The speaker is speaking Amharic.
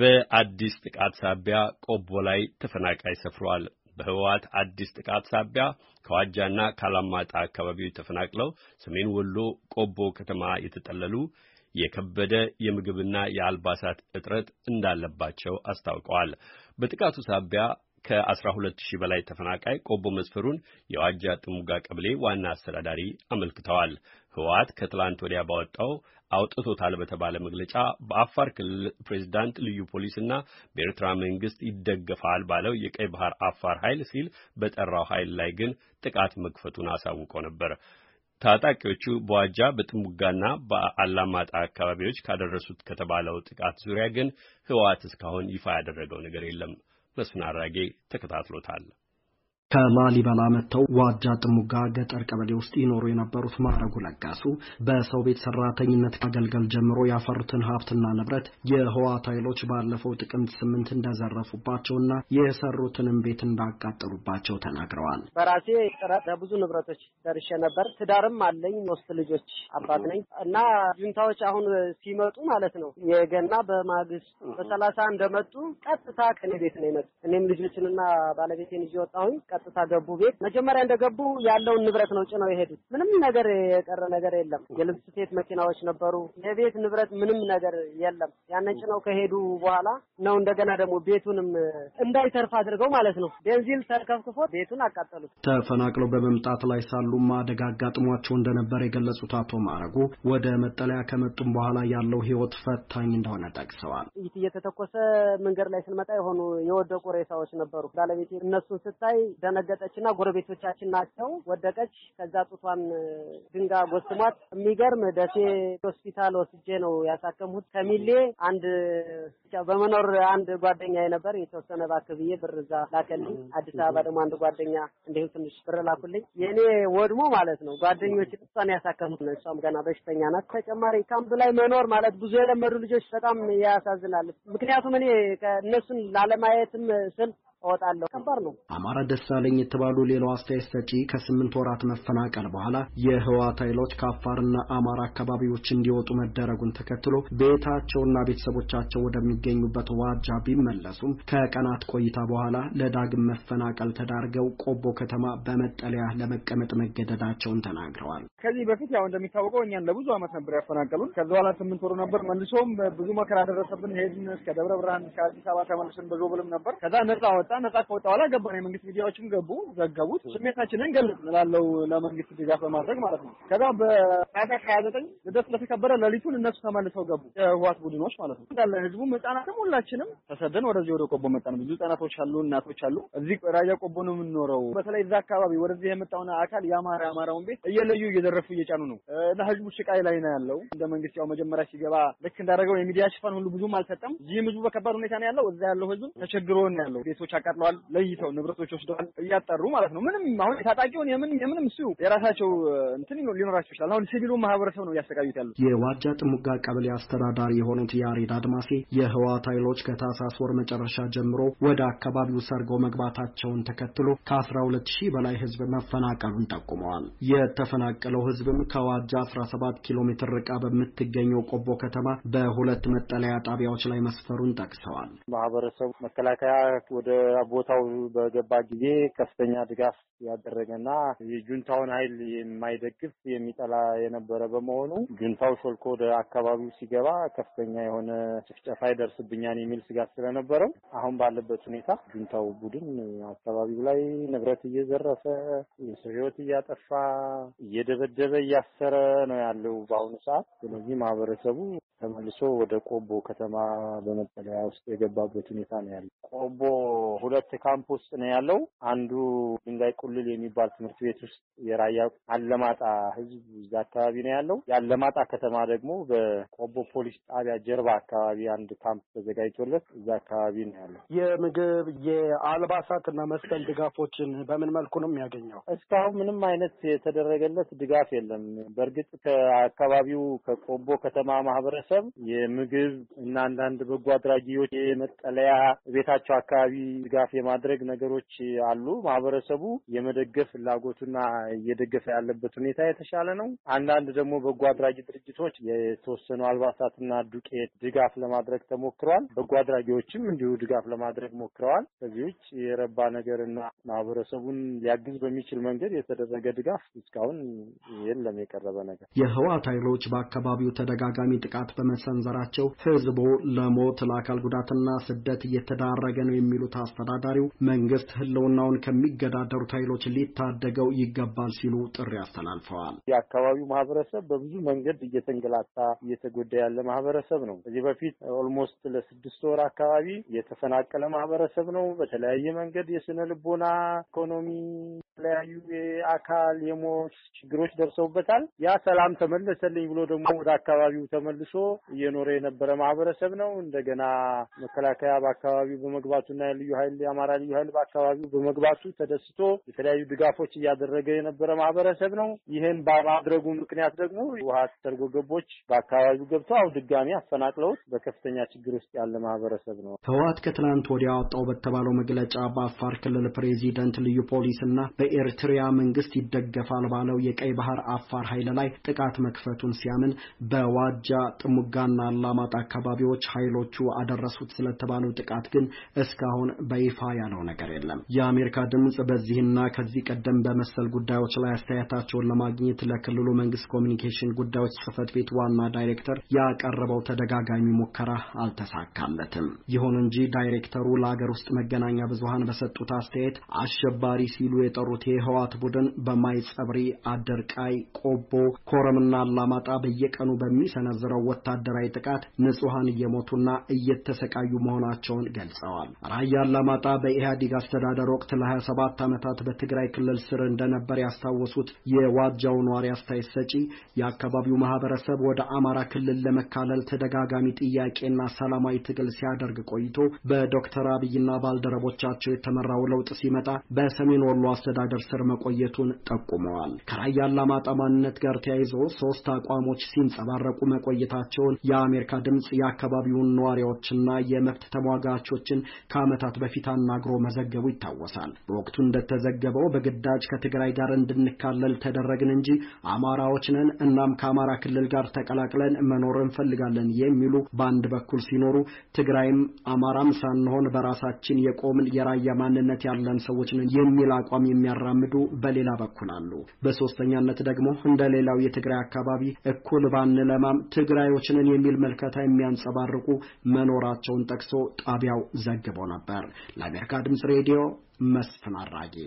በአዲስ ጥቃት ሳቢያ ቆቦ ላይ ተፈናቃይ ሰፍሯል። በህወሓት አዲስ ጥቃት ሳቢያ ከዋጃና ካላማጣ አካባቢዎች ተፈናቅለው ሰሜን ወሎ ቆቦ ከተማ የተጠለሉ የከበደ የምግብና የአልባሳት እጥረት እንዳለባቸው አስታውቀዋል። በጥቃቱ ሳቢያ ከ 12000 በላይ ተፈናቃይ ቆቦ መስፈሩን የዋጃ ጥሙጋ ቀበሌ ዋና አስተዳዳሪ አመልክተዋል። ህወሓት ከትላንት ወዲያ ባወጣው አውጥቶታል በተባለ መግለጫ በአፋር ክልል ፕሬዚዳንት ልዩ ፖሊስና በኤርትራ መንግስት ይደገፋል ባለው የቀይ ባህር አፋር ኃይል ሲል በጠራው ኃይል ላይ ግን ጥቃት መክፈቱን አሳውቆ ነበር። ታጣቂዎቹ በዋጃ በጥሙጋና በአላማጣ አካባቢዎች ካደረሱት ከተባለው ጥቃት ዙሪያ ግን ህወሓት እስካሁን ይፋ ያደረገው ነገር የለም። መስፍን አራጌ ተከታትሎታል። ከላሊበላ መጥተው ዋጃ ጥሙጋ ገጠር ቀበሌ ውስጥ ይኖሩ የነበሩት ማዕረጉ ለጋሱ በሰው ቤት ሰራተኝነት ማገልገል ጀምሮ ያፈሩትን ሀብትና ንብረት የህዋት ኃይሎች ባለፈው ጥቅምት ስምንት እንደዘረፉባቸውና የሰሩትንም ቤት እንዳቃጠሉባቸው ተናግረዋል። በራሴ ለብዙ ንብረቶች ደርሼ ነበር። ትዳርም አለኝ። ሶስት ልጆች አባት ነኝ እና ጁንታዎች አሁን ሲመጡ ማለት ነው የገና በማግስት በሰላሳ እንደመጡ ቀጥታ ከኔ ቤት ነው የመጡ። እኔም ልጆችንና ባለቤቴን እየወጣሁኝ ቀጥታ ገቡ ቤት። መጀመሪያ እንደገቡ ያለውን ንብረት ነው ጭነው የሄዱት። ምንም ነገር የቀረ ነገር የለም። የልብስ ስፌት መኪናዎች ነበሩ፣ የቤት ንብረት ምንም ነገር የለም። ያንን ጭነው ከሄዱ በኋላ ነው እንደገና ደግሞ ቤቱንም እንዳይተርፍ አድርገው ማለት ነው ቤንዚል ተርከፍክፎ ቤቱን አቃጠሉት። ተፈናቅለው በመምጣት ላይ ሳሉም አደጋ አጋጥሟቸው እንደነበር የገለጹት አቶ ማረጉ ወደ መጠለያ ከመጡም በኋላ ያለው ህይወት ፈታኝ እንደሆነ ጠቅሰዋል። ጥይት እየተተኮሰ መንገድ ላይ ስንመጣ የሆኑ የወደቁ ሬሳዎች ነበሩ። ባለቤቴ እነሱን ስታይ እና ጎረቤቶቻችን ናቸው ወደቀች። ከዛ ጡቷን ድንጋይ ጎስሟት የሚገርም ደሴ ሆስፒታል ወስጄ ነው ያሳከምሁት። ከሚሌ አንድ በመኖር አንድ ጓደኛ ነበር የተወሰነ ባክ ብዬ ብር እዛ ላከልኝ። አዲስ አበባ ደግሞ አንድ ጓደኛ እንዲሁ ትንሽ ብር ላኩልኝ። የእኔ ወድሞ ማለት ነው ጓደኞች እሷን ያሳከምሁት ነው። እሷም ገና በሽተኛ ናት። ተጨማሪ ካምፕ ላይ መኖር ማለት ብዙ የለመዱ ልጆች በጣም ያሳዝናል። ምክንያቱም እኔ እነሱን ላለማየትም ስል እወጣለሁ። ከባድ ነው። አማራ ደሳለኝ የተባሉ ሌላው አስተያየት ሰጪ ከስምንት ወራት መፈናቀል በኋላ የህወሓት ኃይሎች ከአፋርና አማራ አካባቢዎች እንዲወጡ መደረጉን ተከትሎ ቤታቸውና ቤተሰቦቻቸው ወደሚገኙበት ዋጃ ቢመለሱም ከቀናት ቆይታ በኋላ ለዳግም መፈናቀል ተዳርገው ቆቦ ከተማ በመጠለያ ለመቀመጥ መገደዳቸውን ተናግረዋል። ከዚህ በፊት ያው እንደሚታወቀው እኛን ለብዙ ዓመት ነበር ያፈናቀሉን። ከዚ በኋላ ስምንት ወሩ ነበር። መልሶም ብዙ መከራ ደረሰብን። ሄድን እስከ ደብረ ብርሃን፣ እስከ አዲስ አበባ ተመልሰን በዞብልም ነበር። ከዛ ነጻ ወጥ ወጣ ነጻ ከወጣ በኋላ ገባን። የመንግስት ሚዲያዎችም ገቡ፣ ዘገቡት። ስሜታችንን ገለጽ ላለው ለመንግስት ድጋፍ በማድረግ ማለት ነው። ከዛ በጣሳት ሀያ ዘጠኝ ልደት ስለተከበረ ሌሊቱን እነሱ ተመልሰው ገቡ፣ የህዋት ቡድኖች ማለት ነው። እንዳለ ህዝቡም ህጻናትም ሁላችንም ተሰደን ወደዚህ ወደ ቆቦ መጣን። ብዙ ህጻናቶች አሉ፣ እናቶች አሉ። እዚህ ራያ ቆቦ ነው የምንኖረው። በተለይ እዛ አካባቢ ወደዚህ የመጣውን አካል የአማራ አማራውን ቤት እየለዩ እየዘረፉ እየጫኑ ነው እና ህዝቡ ሽቃይ ላይ ነው ያለው። እንደ መንግስት ያው መጀመሪያ ሲገባ ልክ እንዳደረገው የሚዲያ ሽፋን ሁሉ ብዙም አልሰጠም። ይህም ህዝቡ በከባድ ሁኔታ ነው ያለው። እዛ ያለው ህዝብ ተቸግሮ ነው ያለው ቤቶች አቃጥለዋል፣ ለይተው ንብረቶች ወስደዋል እያጠሩ ማለት ነው። ምንም አሁን የታጣቂውን የምን የምንም እሱ የራሳቸው እንትን ሊኖራቸው ይችላል። አሁን ሲቪሉ ማህበረሰብ ነው እያሰቃዩት ያሉት። የዋጃ ጥሙጋ ቀበሌ አስተዳዳሪ የሆኑት ያሬድ አድማሴ የህወሓት ኃይሎች ከታህሳስ ወር መጨረሻ ጀምሮ ወደ አካባቢው ሰርገው መግባታቸውን ተከትሎ ከአስራ ሁለት ሺህ በላይ ህዝብ መፈናቀሉን ጠቁመዋል። የተፈናቀለው ህዝብም ከዋጃ አስራ ሰባት ኪሎ ሜትር ርቃ በምትገኘው ቆቦ ከተማ በሁለት መጠለያ ጣቢያዎች ላይ መስፈሩን ጠቅሰዋል። ማህበረሰቡ መከላከያ ወደ ቦታው በገባ ጊዜ ከፍተኛ ድጋፍ ያደረገና የጁንታውን ኃይል የማይደግፍ የሚጠላ የነበረ በመሆኑ ጁንታው ሾልኮ ወደ አካባቢው ሲገባ ከፍተኛ የሆነ ጭፍጨፋ ይደርስብኛል የሚል ስጋት ስለነበረው አሁን ባለበት ሁኔታ ጁንታው ቡድን አካባቢው ላይ ንብረት እየዘረፈ የሰው እያጠፋ እየደበደበ እያሰረ ነው ያለው በአሁኑ ሰዓት። ስለዚህ ማህበረሰቡ ተመልሶ ወደ ቆቦ ከተማ በመጠለያ ውስጥ የገባበት ሁኔታ ነው ያለው። ቆቦ ሁለት ካምፕ ውስጥ ነው ያለው። አንዱ ድንጋይ ቁልል የሚባል ትምህርት ቤት ውስጥ የራያ አለማጣ ህዝብ እዛ አካባቢ ነው ያለው። የአለማጣ ከተማ ደግሞ በቆቦ ፖሊስ ጣቢያ ጀርባ አካባቢ አንድ ካምፕ ተዘጋጅቶለት እዛ አካባቢ ነው ያለው። የምግብ የአልባሳት እና መሰል ድጋፎችን በምን መልኩ ነው የሚያገኘው? እስካሁን ምንም አይነት የተደረገለት ድጋፍ የለም። በእርግጥ ከአካባቢው ከቆቦ ከተማ ማህበረሰብ የምግብ እና አንዳንድ በጎ አድራጊዎች የመጠለያ ቤታቸው አካባቢ ድጋፍ የማድረግ ነገሮች አሉ። ማህበረሰቡ የመደገፍ ፍላጎቱና እየደገፈ ያለበት ሁኔታ የተሻለ ነው። አንዳንድ ደግሞ በጎ አድራጊ ድርጅቶች የተወሰኑ አልባሳትና ዱቄት ድጋፍ ለማድረግ ተሞክረዋል። በጎ አድራጊዎችም እንዲሁ ድጋፍ ለማድረግ ሞክረዋል። ከዚህ ውጭ የረባ ነገርና ማህበረሰቡን ሊያግዝ በሚችል መንገድ የተደረገ ድጋፍ እስካሁን የለም የቀረበ ነገር። የህወሓት ኃይሎች በአካባቢው ተደጋጋሚ ጥቃት በመሰንዘራቸው ህዝቡ ለሞት ለአካል ጉዳትና ስደት እየተዳረገ ነው የሚሉት አስተዳዳሪው መንግስት ህልውናውን ከሚገዳደሩት ኃይሎች ሊታደገው ይገባል ሲሉ ጥሪ አስተላልፈዋል። የአካባቢው ማህበረሰብ በብዙ መንገድ እየተንገላታ እየተጎዳ ያለ ማህበረሰብ ነው። ከዚህ በፊት ኦልሞስት ለስድስት ወር አካባቢ የተፈናቀለ ማህበረሰብ ነው። በተለያየ መንገድ የስነ ልቦና ኢኮኖሚ የተለያዩ የአካል የሞት ችግሮች ደርሰውበታል። ያ ሰላም ተመለሰልኝ ብሎ ደግሞ ወደ አካባቢው ተመልሶ እየኖረ የነበረ ማህበረሰብ ነው። እንደገና መከላከያ በአካባቢው በመግባቱና የልዩ ኃይል የአማራ ልዩ ኃይል በአካባቢው በመግባቱ ተደስቶ የተለያዩ ድጋፎች እያደረገ የነበረ ማህበረሰብ ነው። ይህን በማድረጉ ምክንያት ደግሞ ውሃ ሰርጎ ገቦች በአካባቢው ገብተው አሁን ድጋሚ አፈናቅለውት በከፍተኛ ችግር ውስጥ ያለ ማህበረሰብ ነው። ህወሀት ከትናንት ወዲያ ወጣው በተባለው መግለጫ በአፋር ክልል ፕሬዚደንት ልዩ ፖሊስ በ በኤርትሪያ መንግስት ይደገፋል ባለው የቀይ ባህር አፋር ኃይል ላይ ጥቃት መክፈቱን ሲያምን በዋጃ ጥሙጋና አላማጣ አካባቢዎች ኃይሎቹ አደረሱት ስለተባለው ጥቃት ግን እስካሁን በይፋ ያለው ነገር የለም። የአሜሪካ ድምፅ በዚህና ከዚህ ቀደም በመሰል ጉዳዮች ላይ አስተያየታቸውን ለማግኘት ለክልሉ መንግስት ኮሚኒኬሽን ጉዳዮች ጽህፈት ቤት ዋና ዳይሬክተር ያቀረበው ተደጋጋሚ ሙከራ አልተሳካለትም። ይሁን እንጂ ዳይሬክተሩ ለአገር ውስጥ መገናኛ ብዙሃን በሰጡት አስተያየት አሸባሪ ሲሉ የጠሩት የመሩት የህወሓት ቡድን በማይ ጸብሪ፣ አደርቃይ፣ ቆቦ፣ ኮረምና አላማጣ በየቀኑ በሚሰነዝረው ወታደራዊ ጥቃት ንጹሐን እየሞቱና እየተሰቃዩ መሆናቸውን ገልጸዋል። ራያ አላማጣ በኢህአዴግ አስተዳደር ወቅት ለ27 ዓመታት በትግራይ ክልል ስር እንደነበር ያስታወሱት የዋጃው ነዋሪ አስተያየት ሰጪ የአካባቢው ማህበረሰብ ወደ አማራ ክልል ለመካለል ተደጋጋሚ ጥያቄና ሰላማዊ ትግል ሲያደርግ ቆይቶ በዶክተር አብይና ባልደረቦቻቸው የተመራው ለውጥ ሲመጣ በሰሜን ወሎ አስተዳ አስተዳደር ስር መቆየቱን ጠቁመዋል። ከራያ አላማጣ ማንነት ጋር ተያይዞ ሶስት አቋሞች ሲንጸባረቁ መቆየታቸውን የአሜሪካ ድምፅ የአካባቢውን ነዋሪዎችና የመብት ተሟጋቾችን ከዓመታት በፊት አናግሮ መዘገቡ ይታወሳል። በወቅቱ እንደተዘገበው በግዳጅ ከትግራይ ጋር እንድንካለል ተደረግን እንጂ አማራዎች ነን፣ እናም ከአማራ ክልል ጋር ተቀላቅለን መኖር እንፈልጋለን የሚሉ በአንድ በኩል ሲኖሩ፣ ትግራይም አማራም ሳንሆን በራሳችን የቆምን የራያ ማንነት ያለን ሰዎች ነን የሚል አቋም የሚያ የሚያራምዱ በሌላ በኩል አሉ። በሶስተኛነት ደግሞ እንደ ሌላው የትግራይ አካባቢ እኩል ባንለማም ትግራዮች የሚል መልከታ የሚያንጸባርቁ መኖራቸውን ጠቅሶ ጣቢያው ዘግቦ ነበር። ለአሜሪካ ድምፅ ሬዲዮ መስፍን አራጌ